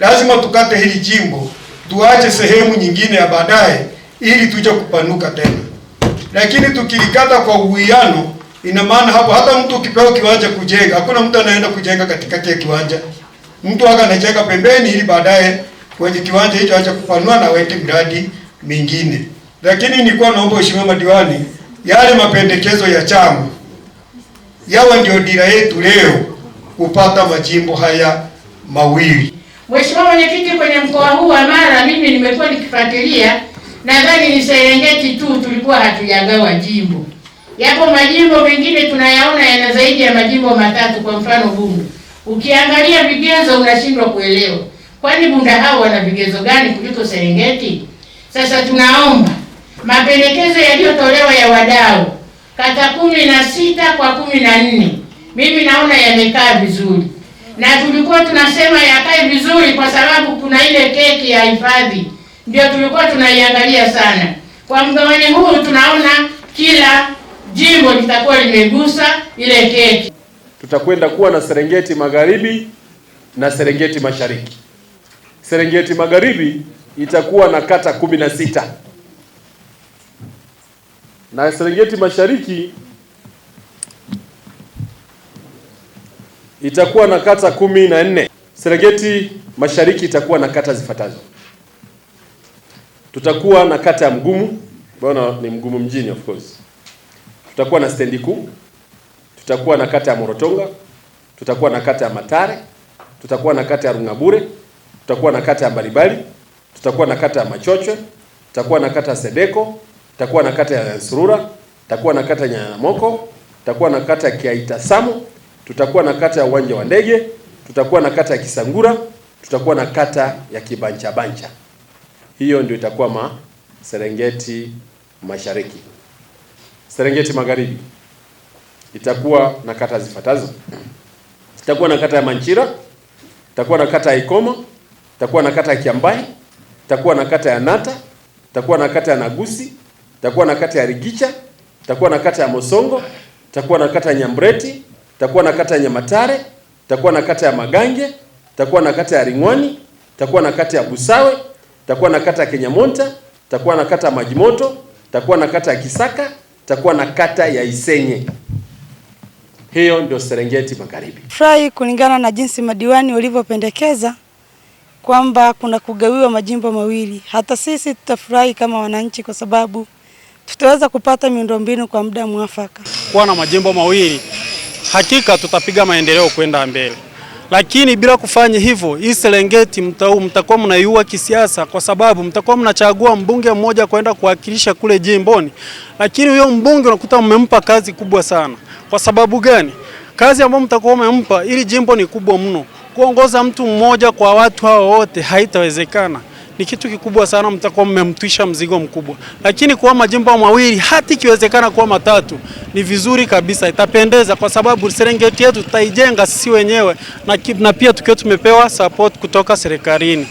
lazima tukate hili jimbo, tuache sehemu nyingine ya baadaye ili tuje kupanuka tena. Lakini tukilikata kwa uwiano, ina maana hapo hata mtu ukipewa kiwanja kujenga, hakuna mtu anaenda kujenga katikati ya kiwanja, mtu aka anajenga pembeni, ili baadaye kwenye kiwanja hicho aache kupanua na weke miradi mingine. Lakini nilikuwa naomba Mheshimiwa madiwani, yale mapendekezo ya chama yawe ndio dira yetu leo kupata majimbo haya mawili. Mheshimiwa Mwenyekiti, kwenye mkoa huu wa Mara mimi nimekuwa nikifuatilia, nadhani ni Serengeti tu tulikuwa hatujagawa jimbo. Yapo majimbo mengine tunayaona yana zaidi ya majimbo matatu, kwa mfano Bunda. Ukiangalia vigezo unashindwa kuelewa, kwani Bunda hao wana vigezo gani kuliko Serengeti? Sasa tunaomba mapendekezo yaliyotolewa ya wadau kata kumi na sita kwa kumi na nne mimi naona yamekaa vizuri na tulikuwa tunasema yakae vizuri, kwa sababu kuna ile keki ya hifadhi ndio tulikuwa tunaiangalia sana. Kwa mgawanyo huu tunaona kila jimbo litakuwa limegusa ile keki. Tutakwenda kuwa na Serengeti Magharibi na Serengeti Mashariki. Serengeti Magharibi itakuwa na kata kumi na sita na Serengeti Mashariki itakuwa na kata kumi na nne. Serengeti Mashariki itakuwa na kata zifuatazo. Tutakuwa na kata ya Mgumu, bwana ni Mgumu mjini of course. Tutakuwa na stendi kuu, tutakuwa na kata ya Morotonga, tutakuwa na kata ya Matare, tutakuwa na kata ya Rungabure, tutakuwa na kata ya Mbalibali, tutakuwa na kata ya Machochwe, tutakuwa na kata ya Sedeko, tutakuwa na kata ya Nsurura, tutakuwa na kata ya Nyanamoko, tutakuwa na kata ya Kiaitasamu tutakuwa na kata ya uwanja wa ndege, tutakuwa na kata ya Kisangura, tutakuwa na kata ya Kibancha Bancha. Hiyo ndio itakuwa ma Serengeti Mashariki. Serengeti Magharibi itakuwa na kata zifuatazo: itakuwa na kata ya Manchira, itakuwa na kata ya Ikoma, itakuwa na kata ya Kiambai, itakuwa na kata ya Nata, itakuwa na kata ya Nagusi, itakuwa na kata ya Rigicha, itakuwa na kata ya Mosongo, itakuwa na kata ya Nyambreti takuwa na kata ya Nyamatare, takuwa na kata ya Magange, takuwa na kata ya Ringwani, takuwa na kata ya Busawe, takuwa na kata ya Kenyamonta, takuwa na kata ya Majimoto, takuwa na kata ya Kisaka, takuwa na kata ya Isenye. Hiyo ndio Serengeti Magharibi. Furahi kulingana na jinsi madiwani walivyopendekeza kwamba kuna kugawiwa majimbo mawili. Hata sisi tutafurahi kama wananchi, kwa sababu tutaweza kupata miundombinu kwa muda mwafaka. Kuwa na majimbo mawili hakika tutapiga maendeleo kwenda mbele, lakini bila kufanya hivyo, hii Serengeti mtakuwa mnaiua kisiasa, kwa sababu mtakuwa mnachagua mbunge mmoja kwenda kuwakilisha kule jimboni, lakini huyo mbunge unakuta mmempa kazi kubwa sana. Kwa sababu gani? Kazi ambayo mtakuwa mmempa, ili jimbo ni kubwa mno, kuongoza mtu mmoja kwa watu hao wote haitawezekana ni kitu kikubwa sana, mtakuwa mmemtwisha mzigo mkubwa. Lakini kwa majimbo mawili hata ikiwezekana kuwa matatu, ni vizuri kabisa, itapendeza kwa sababu Serengeti yetu tutaijenga sisi wenyewe na, na pia tukiwa tumepewa support kutoka serikalini.